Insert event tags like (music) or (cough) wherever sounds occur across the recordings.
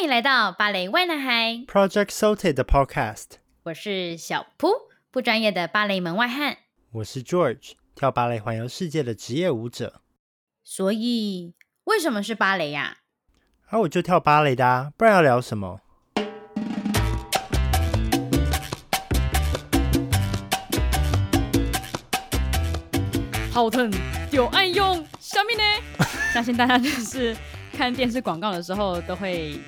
歡迎來到芭蕾 why 男孩 Project Sauté 的 Podcast。我是小蹼，不專業的芭蕾門外漢。我是 George，跳芭蕾環遊世界的職業舞者。所以，為什麼是芭蕾呀、啊？而我就跳芭蕾的，啊，不然要聊什麼？好疼，有愛用小米呢？ (laughs) 相信大家就是看電視廣告的時候都會。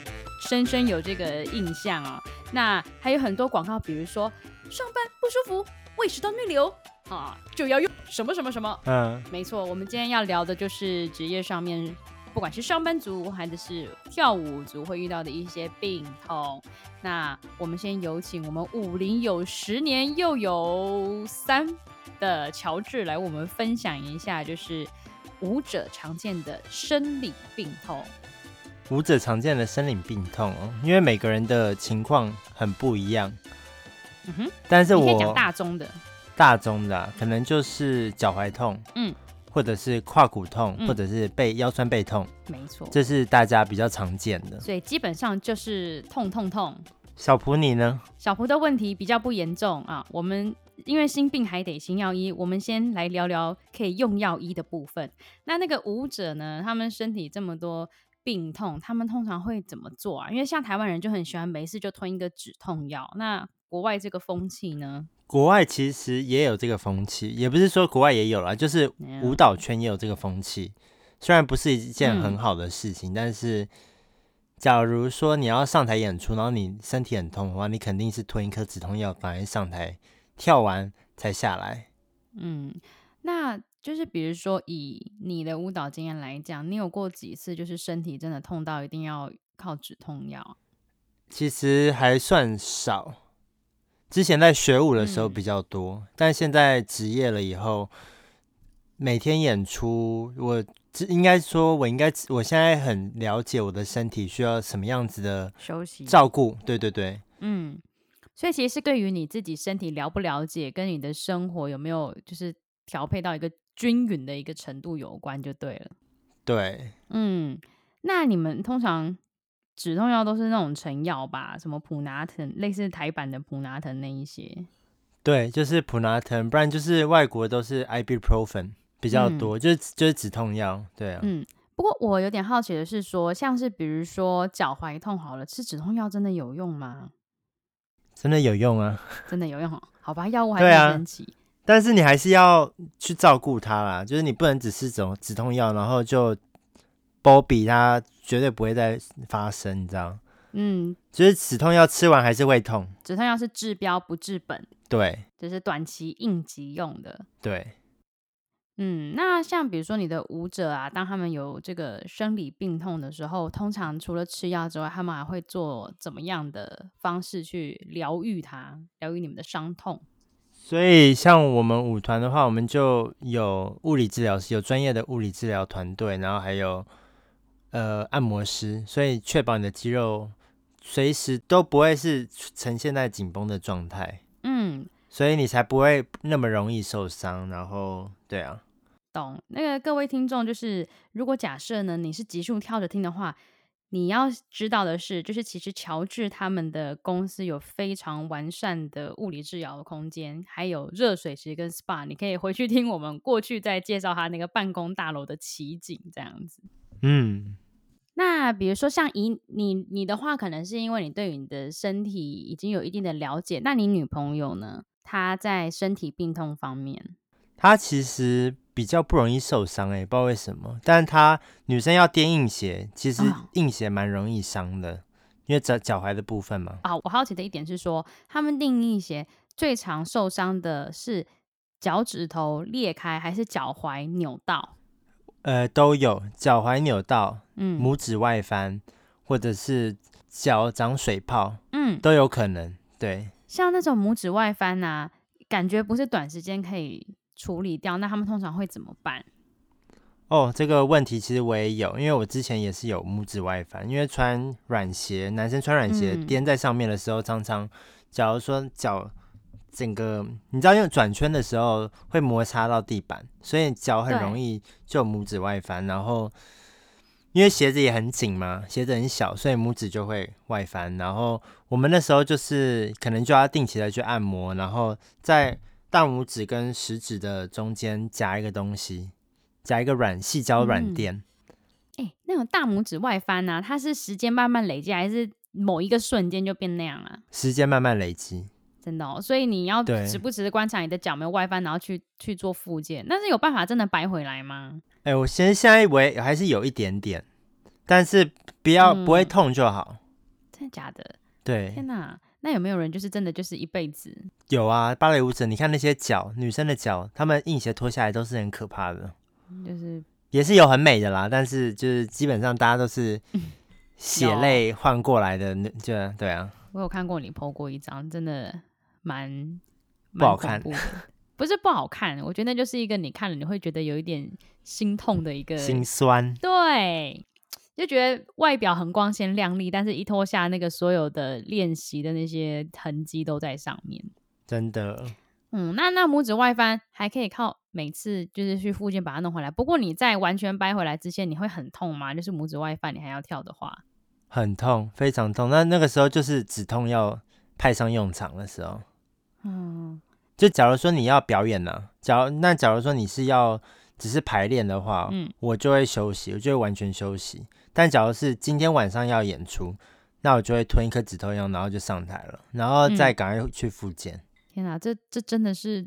深深有這個印象啊、哦，那還有很多廣告，比如說上班不舒服，胃食道逆流啊，就要用什麼什麼什麼。嗯，沒錯，我們今天要聊的就是職業上面，不管是上班族還是跳舞族會遇到的一些病痛。那我們先有請我們舞齡有十年又有三的喬治來，為我們分享一下就是舞者常見的生理病痛。舞者常見的生理病痛、哦，因為每個人的情況很不一樣。嗯哼，但是我可以講大宗的，大宗的、啊嗯、可能就是腳踝痛，嗯，或者是胯骨痛，嗯、或者是背腰酸背痛，沒錯，這是大家比較常見的。所以基本上就是痛痛痛。小蹼你呢？小蹼的問題比較不嚴重啊。我們因為心病還得心藥醫，我們先來聊聊可以用藥醫的部分。那那個舞者呢，他們身體這麼多。病痛，他們通常會怎麼做啊？因為像台灣人就很喜歡沒事就吞一個止痛藥。那國外這個風氣呢？國外其實也有這個風氣，也不是說國外也有啦，就是舞蹈圈也有這個風氣。Yeah. 雖然不是一件很好的事情，嗯、但是假如說你要上台演出，然後你身體很痛的話，你肯定是吞一顆止痛藥，反而上台跳完才下來。嗯，那。就是比如說，以你的舞蹈經驗來講，你有過幾次就是身體真的痛到一定要靠止痛藥？其實還算少，之前在學舞的時候比較多，嗯、但現在職業了以後，每天演出，我應該說，我應該我現在很了解我的身體需要什麼樣子的休息、照顧。對對對，嗯，所以其實是對於你自己身體了不了解，跟你的生活有沒有就是調配到一個。均勻的一個程度有關就對了。對，嗯，那你們通常止痛藥都是那種成藥吧？什麼普拿疼，類似台版的普拿疼那一些。對，就是普拿疼，不然就是外國都是 ibuprofen 比較多，嗯、就是就是止痛藥。對啊，嗯，不過我有點好奇的是說，像是比如說腳踝痛好了，吃止痛藥真的有用嗎？真的有用啊！真的有用，啊，好吧，藥物還是神奇。對啊，但是你還是要去照顧他啦，就是你不能只是吃止痛藥，然後就，波比他絕對不會再發生，這樣。嗯，就是止痛藥吃完還是會痛，止痛藥是治標不治本，對，就是短期應急用的，對。嗯，那像比如說你的舞者啊，當他們有這個生理病痛的時候，通常除了吃藥之外，他們還會做怎麼樣的方式去療癒他，療癒你們的傷痛。所以，像我們舞團的話，我們就有物理治療師，有專業的物理治療團隊，然後還有呃按摩師，所以確保你的肌肉隨時都不會是呈現在緊繃的狀態。嗯，所以你才不會那麼容易受傷。然後，對啊，懂。那個各位聽眾，就是如果假設呢，你是急速跳着聽的話。你要知道的是，就是其實喬治他們的公司有非常完善的物理治療空間，還有熱水池跟 SPA，你可以回去聽我們過去在介紹他那個辦公大樓的奇景這樣子。嗯，那比如說像以你你你的話，可能是因為你對你的身體已經有一定的了解，那你女朋友呢？她在身體病痛方面，她其實。比較不容易受傷哎、欸，不知道為什麼。但是她女生要墊硬鞋，其實硬鞋蠻容易傷的，哦、因為腳腳踝的部分嘛。啊、哦，我好奇的一點是說，他們墊硬鞋最常受傷的是腳趾頭裂開，還是腳踝扭到？呃，都有，腳踝扭到，嗯，拇指外翻，或者是腳長水泡，嗯，都有可能。對，像那種拇指外翻啊，感覺不是短時間可以。處理掉，那他們通常會怎麼辦？哦，這個問題其實我也有，因為我之前也是有拇指外翻，因為穿軟鞋，男生穿軟鞋踮、嗯、在上面的時候，常常假如說腳整個，你知道，因為轉圈的時候會摩擦到地板，所以腳很容易就拇指外翻，對然後因為鞋子也很緊嘛，鞋子很小，所以拇指就會外翻，然後我們那時候就是可能就要定期的去按摩，然後在。嗯大拇指跟食指的中間夾一個東西，夾一個軟矽膠軟墊。哎、嗯欸，那種大拇指外翻啊，它是時間慢慢累積，還是某一個瞬間就變那樣了、啊？時間慢慢累積，真的哦。所以你要時不時的觀察你的腳沒有外翻，然後去去做復健。那是有辦法真的掰回來嗎？哎、欸，我其實現在還是有一點點，但是不要不會痛就好。嗯、真的假的？對，天哪！那有沒有人就是真的就是一輩子？有啊，芭蕾舞者，你看那些腳，女生的腳，他們硬鞋脫下來都是很可怕的，就是也是有很美的啦，但是就是基本上大家都是血淚換過來的，啊、就對啊。我有看過你 PO 過一張，真的蠻不好看，不是不好看，我覺得就是一個你看了你會覺得有一點心痛的一個心酸，對。就覺得外表很光鮮亮麗，但是一脫下那個所有的練習的那些痕跡都在上面，真的。嗯，那那拇指外翻還可以靠每次就是去附近把它弄回來。不過你在完全掰回來之前，你會很痛嗎？就是拇指外翻，你還要跳的話，很痛，非常痛。那那個時候就是止痛藥派上用場的時候。嗯，就假如說你要表演呢、啊，假如那假如說你是要只是排練的話，嗯，我就會休息，我就會完全休息。但假如是今天晚上要演出，那我就會吞一顆止痛藥，然後就上台了，然後再趕快去復健。嗯、天哪、啊，這這真的是，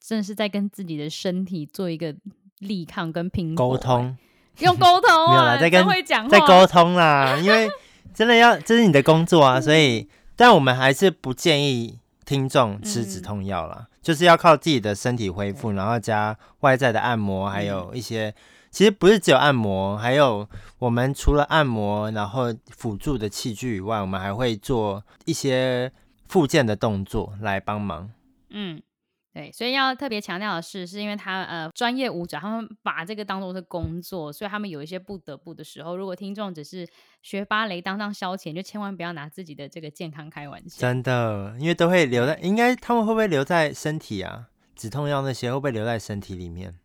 真的是在跟自己的身體做一個力抗跟平溝、欸、通，用溝通、啊， (laughs) 沒有啦啦，在跟會講話，再溝通啦。因為真的要，這是你的工作啊，嗯、所以，但我們還是不建議聽眾吃止痛藥啦，嗯、就是要靠自己的身體恢復，對然後加外在的按摩，還有一些。嗯其實不是只有按摩，還有我們除了按摩，然後輔助的器具以外，我們還會做一些復健的動作來幫忙。嗯，對，所以要特別強調的是，是因為他呃專業舞者，他們把這個當做是工作，所以他們有一些不得不的時候。如果聽眾只是學芭蕾當當消遣，就千萬不要拿自己的這個健康開玩笑。真的，因為都會留在，應該他們會不會留在身體啊？止痛藥那些會不會留在身體裡面？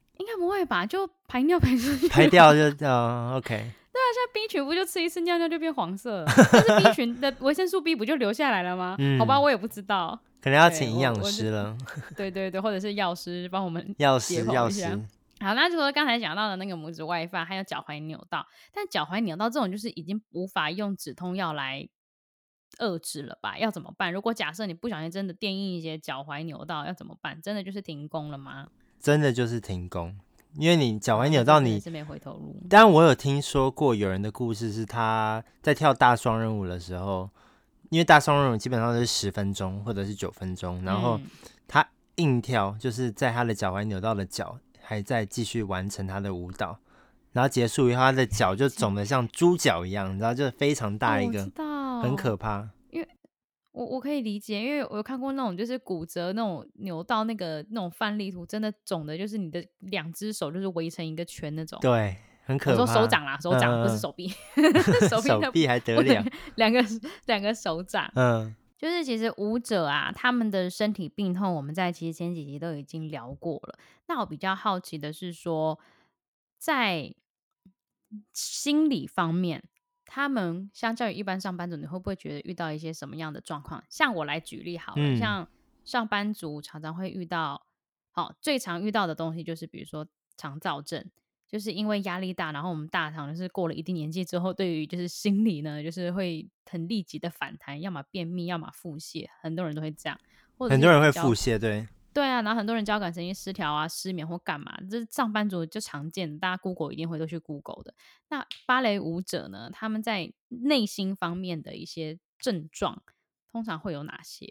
對吧？就排尿排出去，排掉就掉。OK，對啊，像 B 群不就吃一次尿尿就變黃色了，但是 B 群的維生素 B 不就留下來了嗎？嗯、好吧，我也不知道，可能要請營養師了。對， (laughs) 對，對對對，或者是藥師幫我們藥師藥師。好，那就說剛才講到的那個拇指外翻還有腳踝扭到，但腳踝扭到這種就是已經無法用止痛藥來遏制了吧？要怎麼辦？如果假設你不小心真的電硬一些，腳踝扭到要怎麼辦？真的就是停工了嗎？真的就是停工。因為你腳踝扭到，你但我有聽說過有人的故事，是他在跳大雙人舞的時候，因為大雙人舞基本上都是十分鐘或者是九分鐘，然後他硬跳，就是在他的腳踝扭到了，腳還在繼續完成他的舞蹈，然後結束以後，他的腳就腫得像豬腳一樣，然後就非常大一個，很可怕。我我可以理解，因為我有看過那種就是骨折那種扭到那個那種範例圖，真的腫的，就是你的兩隻手就是圍成一個圈那種，對，很可怕。說手掌啦，手掌、嗯、不是手臂， (laughs) 手臂的 (laughs) 手臂還得兩兩個兩個手掌。嗯，就是其實舞者啊，他們的身體病痛，我們在其實前幾集都已經聊過了。那我比較好奇的是說，在心理方面。他們相較於一般上班族，你會不會覺得遇到一些什麼樣的狀況？像我來舉例好了，嗯、像上班族常常會遇到，好、哦、最常遇到的東西就是，比如說腸躁症，就是因為壓力大，然後我們大腸就是過了一定年紀之後，對於就是心理呢，就是會很立即的反彈，要麼便秘，要麼腹瀉，很多人都會這樣，很多人會腹瀉，對。對啊，然後很多人交感神經失調啊，失眠或幹嘛，這是上班族就常見。大家 Google 一定會都去 Google 的。那芭蕾舞者呢？他們在內心方面的一些症狀，通常會有哪些？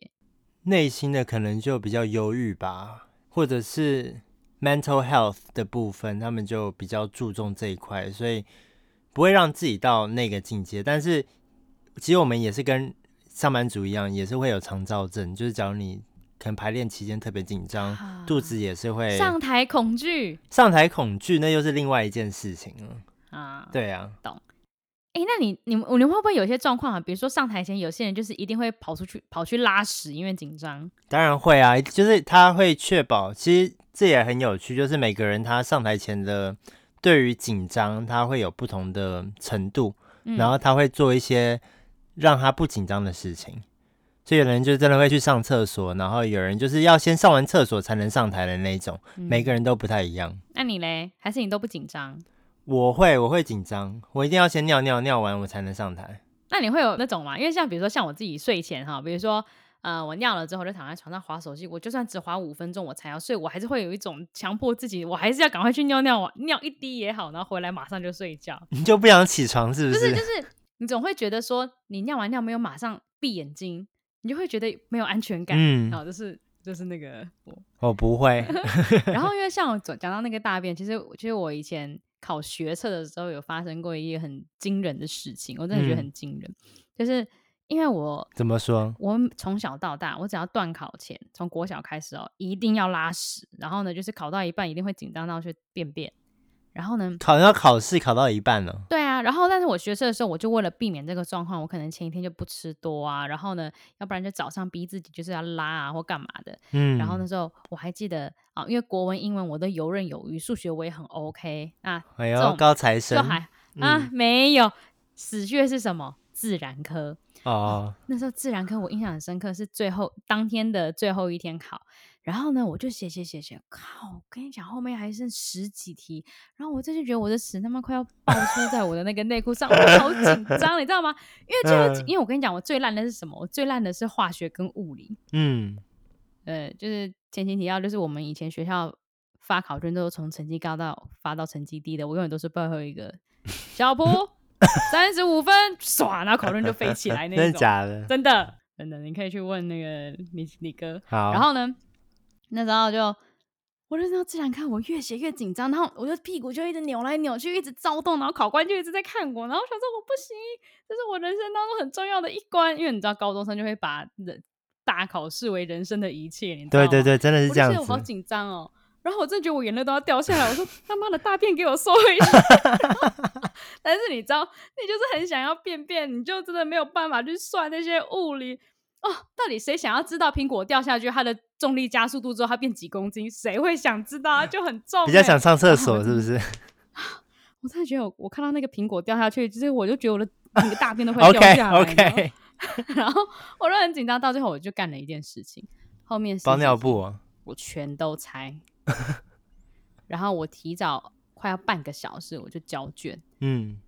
內心的可能就比較憂鬱吧，或者是 mental health 的部分，他們就比較注重這一塊，所以不會讓自己到那個境界。但是其實我們也是跟上班族一樣，也是會有腸躁症。就是假如你。可能排練期間特別緊張，啊、肚子也是會。上台恐懼，上台恐懼，那又是另外一件事情了。啊，對啊，懂。哎、欸，那你、你們、我，你會不會有一些狀況啊？比如說上台前，有些人就是一定會跑出去、跑去拉屎，因為緊張。當然會啊，就是他會確保。其實這也很有趣，就是每個人他上台前的對於緊張，他會有不同的程度，嗯、然後他會做一些讓他不緊張的事情。所以有人就真的會去上廁所，然後有人就是要先上完廁所才能上台的那種，嗯、每一個人都不太一樣。那你嘞？還是你都不緊張？我會，我會緊張，我一定要先尿尿，尿完我才能上台。那你會有那種嗎？因為像比如說像我自己睡前哈，比如說、呃、我尿了之後就躺在床上滑手機，我就算只滑五分鐘我才要睡，我還是會有一種強迫自己，我還是要趕快去尿尿，我尿一滴也好，然後回來馬上就睡覺。你就不想起床是不是？不、 (laughs) 就是，就是你總會覺得說你尿完尿沒有馬上閉眼睛。你就會覺得沒有安全感，嗯、然後就是就是那個我，我不會。 (laughs) 然後因為像我講到那個大便，其實其實我以前考學測的時候有發生過一個很驚人的事情，我真的覺得很驚人，嗯、就是因為我怎麼說，我從小到大，我只要斷考前，從國小開始哦，一定要拉屎，然後呢，就是考到一半一定會緊張到去便便。然後呢，考，要考試考到一半了。對啊，然後但是我學測的時候，我就為了避免這個狀況，我可能前一天就不吃多啊，然後呢，要不然就早上逼自己就是要拉啊或幹嘛的。嗯，然後那時候我還記得啊，因為國文、英文我都游刃有餘，數學我也很 OK。啊。沒有，高材生就還啊，沒有死穴是什麼？自然科。哦，啊，那時候自然科我印象很深刻，是最後當天的最後一天考。然後呢，我就寫寫寫寫，靠！我跟你講，後面還剩十幾題，然後我真是覺得我的屎，他媽快要爆出在我的那個內褲上， (laughs) 哦、我好緊張， (laughs) 你知道嗎？因為就 (laughs) 因為我跟你講，我最爛的是什麼？我最爛的是化學跟物理。嗯，呃，就是前情提要，就是我們以前學校發考卷，就是，都是從成績高到發到成績低的，我永遠都是最後一個，小蹼三十五分，爽，然後考卷就飛起來，那種真的假的？真的真的，你可以去問那個李李哥。好，然後呢？那時候就，我那時候自然看我越寫越緊張，然後我就屁股就一直扭來扭去，一直躁動，然後考官就一直在看我，然後我想說我不行，這是我人生當中很重要的一關，因為你知道高中生就會把人大考視為人生的一切，你知道嗎？對對對，真的是這樣子。我好緊張哦，然後我真的覺得我眼淚都要掉下來，我說他媽的大便給我收回去， (laughs) (laughs) 但是你知道，你就是很想要便便，你就真的沒有辦法去算那些物理。哦，到底誰想要知道蘋果掉下去它的重力加速度之後它變幾公斤？誰會想知道啊？就很重。欸，比較想上廁所 (laughs) 是不是？我真的覺得我我看到那個蘋果掉下去，其、就、實、是、我就覺得我的那個大便都會掉下來。 (laughs) OK OK。然後我都很緊張，到最後我就幹了一件事情，後面是包尿布啊，我全都拆。 (laughs) 然後我提早快要半個小時我就交卷。嗯。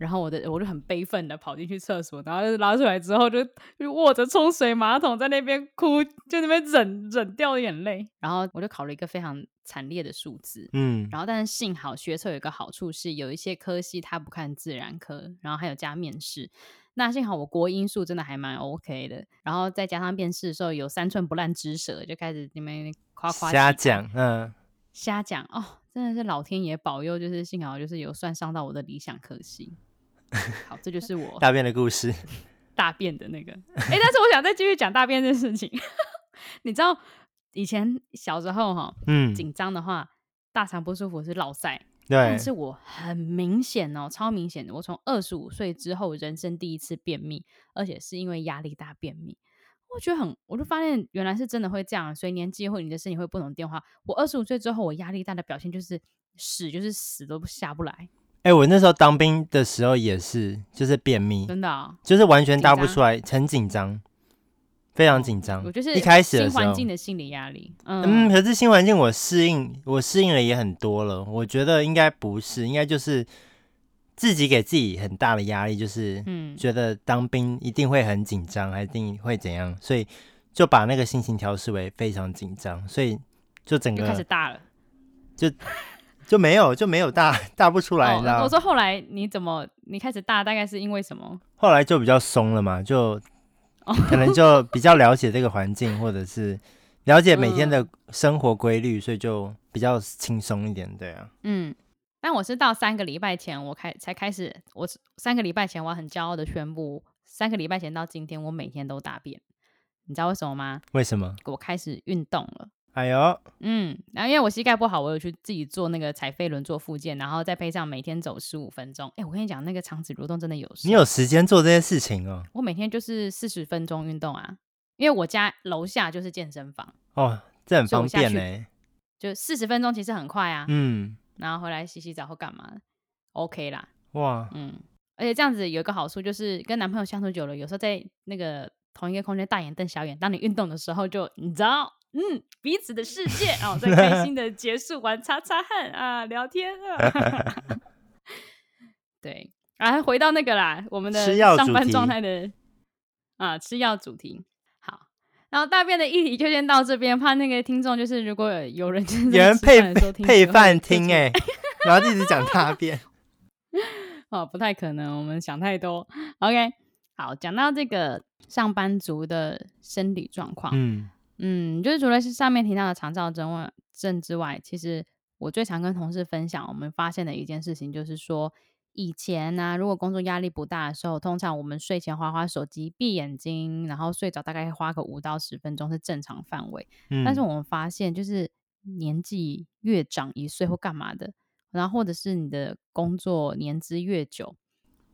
然後我的我就很悲憤的跑進去廁所，然後就拉出來之後就就握着沖水馬桶在那邊哭，就那邊忍忍掉眼淚。然後我就考了一個非常慘烈的數字，嗯。然後但是幸好學測有一個好處是有一些科系它不看自然科、嗯、然後還有加面試。那幸好我國英數真的還蠻 OK 的，然後再加上面試的時候有三寸不爛之舌，就開始那邊誇誇。瞎講，嗯、呃。瞎講哦，真的是老天爺保佑，就是幸好就是有算上到我的理想科系。好，這就是我大便的故事， (laughs) 大便的那個，哎、欸，但是我想再繼續講大便的事情。 (laughs) 你知道以前小時候哈、哦，嗯，緊張的話，大腸不舒服是烙賽，對。但是我很明顯哦，超明顯的，我從二十五歲之後，人生第一次便秘，而且是因為壓力大便秘。我覺得很，我就發現原來是真的會這樣。所以年紀會，你的身體會不同變化。我二十五歲之後，我壓力大的表現就是屎就是屎都下不來。哎、欸，我那時候當兵的時候也是，就是便秘，真的，哦，就是完全大不出來，緊張？很緊張，非常緊張。我就是一開始新環境的心理壓力嗯，嗯，可是新環境我適應，我適應了也很多了，我覺得應該不是，應該就是自己給自己很大的壓力，就是嗯，覺得當兵一定會很緊張，嗯、一定會怎樣，所以就把那個心情調試為非常緊張，所以就整個開始大了，就。就沒有就沒有大大不出來，哦、你知道嗎？我說，後來你怎麼你開始大大概是因為什麼？後來就比較鬆了嘛，就可能就比較了解這個環境，哦、或者是了解每天的生活規律，嗯、所以就比較輕鬆一點，對啊。嗯，但我是到三個禮拜前，我開才開始，我三個禮拜前我很驕傲的宣布，三個禮拜前到今天我每天都大便，你知道為什麼嗎？為什麼？我開始運動了。哎呦，嗯，然後因為我膝蓋不好，我有去自己做那個踩飛輪做復健，然後再配上每天走十五分鐘。哎、欸，我跟你講，那個腸子蠕動真的有。你有時間做這些事情哦？我每天就是四十分鐘運動啊，因為我家樓下就是健身房。哦，這很方便呢。就四十分鐘其實很快啊。嗯。然後回來洗洗澡或幹嘛，OK 啦。哇，嗯，而且這樣子有一個好處就是跟男朋友相處久了，有時候在那個同一個空間大眼瞪小眼，當你運動的時候就你走。嗯，彼此的世界啊、 (laughs) 哦，在開心的結束完，擦擦汗啊， (laughs) 聊天啊。 (laughs) 對，啊，回到那個啦，我們的上班狀態的啊，吃藥主題。好，然後大便的議題就先到這邊，怕那個聽眾就是，如果有人 (laughs) (laughs) 有人配飯配飯聽哎、欸， (laughs) 然後一直講大便。哦、 (laughs) 啊，不太可能，我們想太多。OK，好，講到這個上班族的生理狀況，嗯。嗯，就是除了是上面提到的腸躁症症之外，其實我最常跟同事分享，我們發現的一件事情就是說，以前呢、啊，如果工作壓力不大的時候，通常我們睡前滑滑手機，閉眼睛，然後睡着，大概花個五到十分鐘是正常範圍。嗯、但是我們發現，就是年紀越長一歲或幹嘛的，然後或者是你的工作年資越久，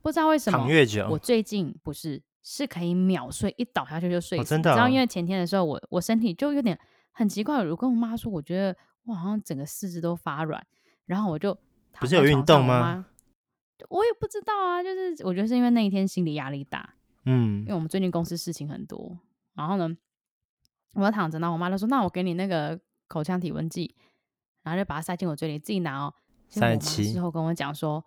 不知道為什麼越久，我最近不是。是可以秒睡，一倒下去就睡。哦，真的哦？然後因為前天的時候我，我我身體就有點很奇怪，我跟我媽說，我覺得我好像整個四肢都發軟。然後我就不是有運動嗎我？我也不知道啊，就是我覺得是因為那一天心理壓力大。嗯。因為我們最近公司事情很多，然後呢，我躺着呢，我媽就說：“那我給你那個口腔體溫計，然後就把它塞進我嘴裡，自己拿哦。”塞進之後跟我講說。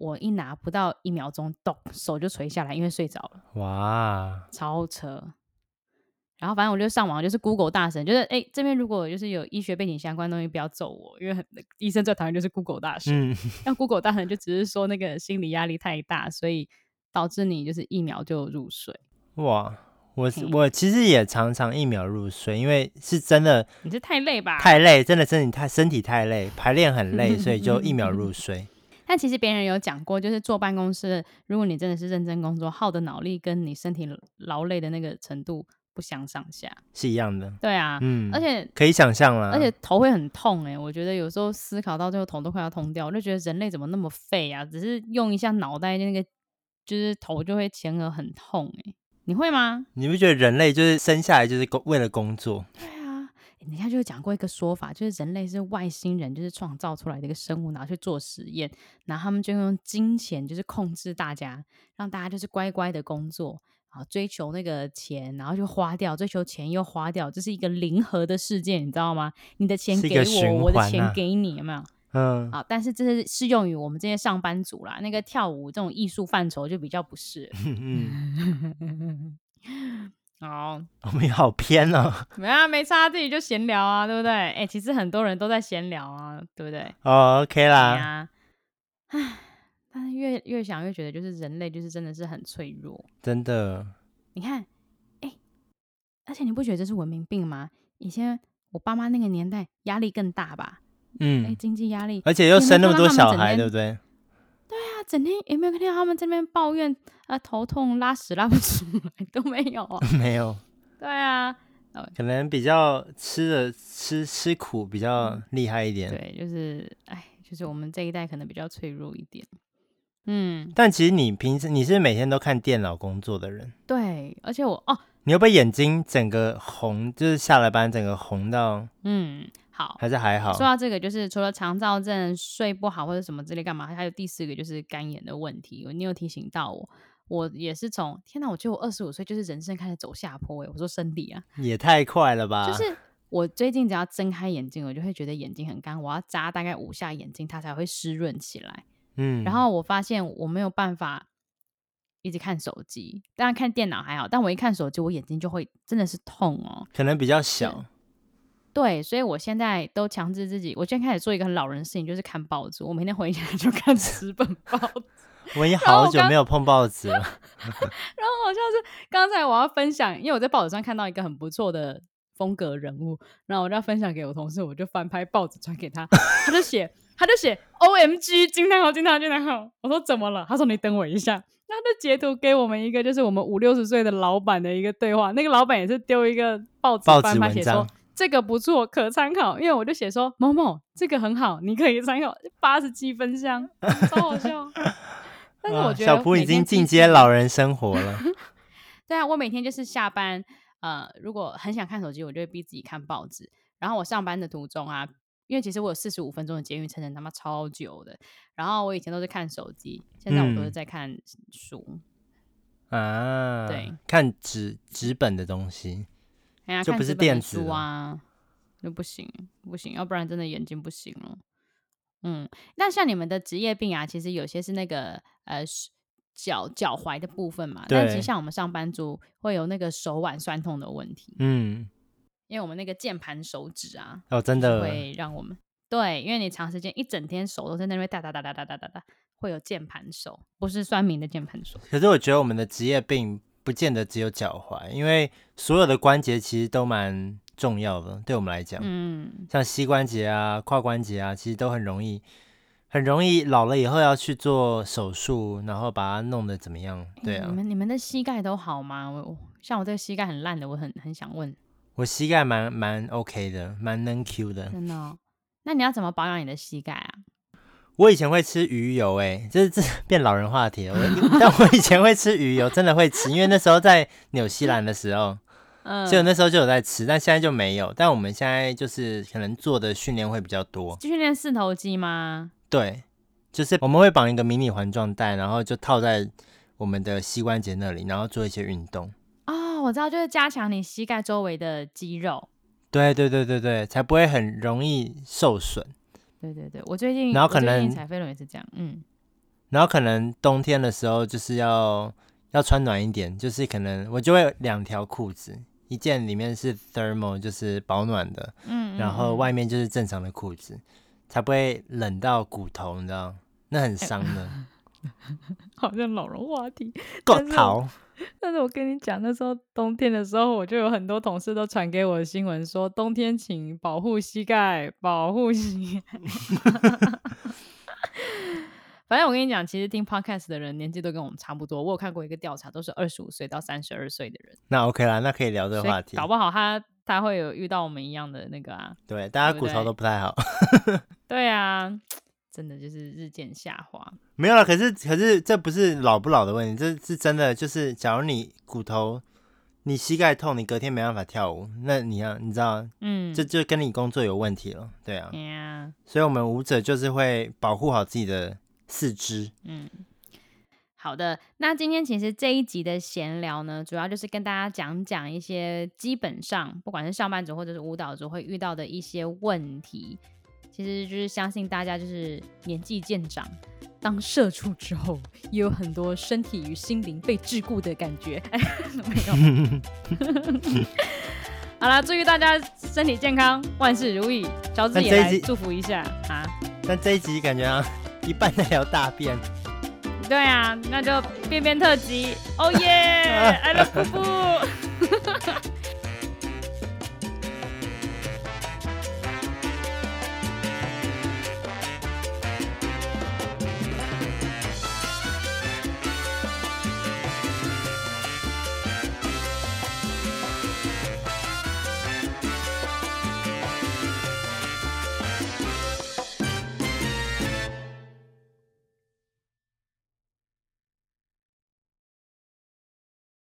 我一拿不到一秒鐘，咚，手就垂下來，因為睡着了。哇，超扯！然後反正我就上網，就是 Google 大神，就是哎、欸，這邊如果就是有醫學背景相關的東西，不要揍我，因為很醫生最討厭就是 Google 大神。嗯、但 Google 大神就只是說那個心理壓力太大，所以導致你就是一秒就入睡。哇，我 Hey. 我其實也常常一秒入睡，因為是真的，你是太累吧？太累，真的真的，你太身體太累，排練很累，所以就一秒入睡。 (laughs) 但其實別人有講過，就是坐辦公室，如果你真的是認真工作，耗的腦力跟你身體勞累的那個程度不相上下，是一樣的。對啊，嗯，而且可以想象了，而且頭會很痛哎、欸！我覺得有時候思考到最後頭都快要痛掉，我就覺得人類怎麼那麼廢啊？只是用一下腦袋，那個就是頭就會前額很痛哎、欸！你會嗎？你不覺得人類就是生下來就是為了工作？ (laughs) 人家就講過一個說法，就是人類是外星人，就是創造出來的一個生物，拿去做實驗，然後他們就用金錢就是控制大家，讓大家就是乖乖的工作啊，追求那個錢，然後就花掉，追求錢又花掉，這是一個零和的世界，你知道嗎？你的錢給我，啊、我的錢給你，有沒有？嗯，好，但是這是適用於我們這些上班族啦。那個跳舞這種藝術範疇就比較不是。嗯 (laughs) 哦，我們好偏哦，沒啊，沒差，自己就閒聊啊，對不對？欸，其實很多人都在閒聊啊，對不對？哦，OK 啦，對啊，唉，但是越越想越覺得，就是人類就是真的是很脆弱，真的。你看，欸，而且你不覺得這是文明病嗎？以前我爸媽那個年代壓力更大吧？嗯，嗯，欸，經濟壓力，而且又生那麼多小孩，對不對？對啊，整天有沒有看到他們這邊抱怨啊、呃、頭痛、拉屎拉不出來都沒有、啊？沒有。對啊，可能比較吃的吃吃苦比較厲害一點、嗯。對，就是哎，就是我們這一代可能比較脆弱一點。嗯。但其實你平時你是每天都看電腦工作的人？對，而且我哦，你有沒有眼睛整個紅？就是下了班整個紅到嗯。好，還是還好。說到這個，就是除了腸躁症睡不好或者什麼之類幹嘛，還有第四個就是乾眼的問題。你有提醒到我，我也是從天哪，我覺得我二十五歲就是人生開始走下坡哎、欸。我說身體啊，也太快了吧！就是我最近只要睜開眼睛，我就會覺得眼睛很乾，我要眨大概五下眼睛，它才會濕潤起來。嗯，然後我發現我沒有辦法一直看手機，當然看電腦還好，但我一看手機，我眼睛就會真的是痛哦，可能比較小。對，所以我現在都強制自己，我今天開始做一個很老人的事情，就是看報紙。我每天回家就看《十本報紙》我， (laughs) 我已經好久沒有碰報紙了。 (laughs) 然後好像是剛才我要分享，因為我在報紙上看到一個很不錯的風格人物，然後我就要分享給我同事，我就翻拍報紙傳給他。他就寫， (laughs) 他就寫，OMG，今天好，今天好，今天好。我說怎麼了？他說你等我一下。那他就截圖給我們一個，就是我們五六十歲的老板的一個對話。那個老板也是丟一個報紙，報紙翻拍寫說。這個不錯，可參考。因為我就寫說某某這個很好，你可以參考八十七分香，超好笑。哇但是我覺得小蹼已經進階老人生活了。 (laughs) 對啊，我每天就是下班呃，如果很想看手機，我就會逼自己看報紙。然後我上班的途中啊，因為其實我有四十五分鐘的捷運車程，他媽超久的。然後我以前都是看手機，現在我都是在看書、嗯、啊，對，看紙紙本的東西。這、哎，不是電子書啊，那、啊、不行不行，要不然真的眼睛不行了。嗯，那像你們的職業病啊，其實有些是那個呃腳腳踝的部分嘛。對但其實像我們上班族會有那個手腕痠痛的問題。嗯，因為我們那個鍵盤手指啊，哦，真的會讓我們對，因為你長時間一整天手都在那邊噠噠噠噠噠噠噠噠，會有鍵盤手，不是酸民的鍵盤手。可是我覺得我們的職業病不見得只有腳踝，因為所有的關節其實都蠻重要的，對我們來講。嗯，像膝關節啊、胯關節啊，其實都很容易，很容易老了以後要去做手術，然後把它弄得怎麼樣？對啊。欸，你們你們的膝蓋都好嗎？我，像我這個膝蓋很爛的，我很很想問。我膝蓋蠻蠻 OK 的，蠻能 Q 的。真的、哦？那你要怎麼保養你的膝蓋啊？我以前會吃魚油，哎，就是這變老人話題了。 (laughs) 但我以前會吃魚油，真的會吃，因為那時候在紐西蘭的時候，嗯，所以那時候就有在吃，但現在就沒有。但我們現在就是可能做的訓練會比較多，訓練四頭肌嗎？對，就是我們會綁一個迷你環狀帶，然後就套在我們的膝關節那裡，然後做一些運動。哦，我知道，就是加強你膝蓋周圍的肌肉。對對對對對，才不會很容易受損。對對對，我最近然後可能彩飛龍也是這樣，嗯，然後可能冬天的時候就是要要穿暖一點，就是可能我就會有兩條褲子，一件裡面是 thermal 就是保暖的，嗯，嗯，嗯，然後外面就是正常的褲子，才不會冷到骨頭，你知道？那很傷的，欸呃、好像老人話題，夠潮是。但是我跟你講，那時候冬天的時候，我就有很多同事都傳給我的新聞，說冬天請保護膝蓋，保護膝。 (laughs) (laughs) 反正我跟你講，其實聽 podcast 的人年紀都跟我們差不多。我有看過一個調查，都是二十五歲到三十二歲的人。那 OK 啦，那可以聊這個話題。搞不好他他會有遇到我們一樣的那個啊。對，對不對？大家骨頭都不太好。 (laughs) 對啊，真的就是日漸下滑。沒有了，可是可是這不是老不老的問題，這是真的。就是假如你骨頭、你膝蓋痛，你隔天沒辦法跳舞，那你要、啊、你知道嗯，這就、就跟你工作有問題了。對啊，對啊、嗯。所以，我們舞者就是會保護好自己的四肢。嗯，好的。那今天其實這一集的閒聊呢，主要就是跟大家講講一些基本上不管是上班族或者是舞蹈族會遇到的一些問題。其實就是相信大家就是年紀漸長，當社畜之後，也有很多身體與心靈被桎梏的感覺。沒有。好啦，祝大家身體健康，萬事如意。小蹼也祝福一下一啊。但這一集感覺啊，一半在聊大便。對啊，那就便便特輯。哦、oh、耶，yeah，阿 (laughs) (laughs)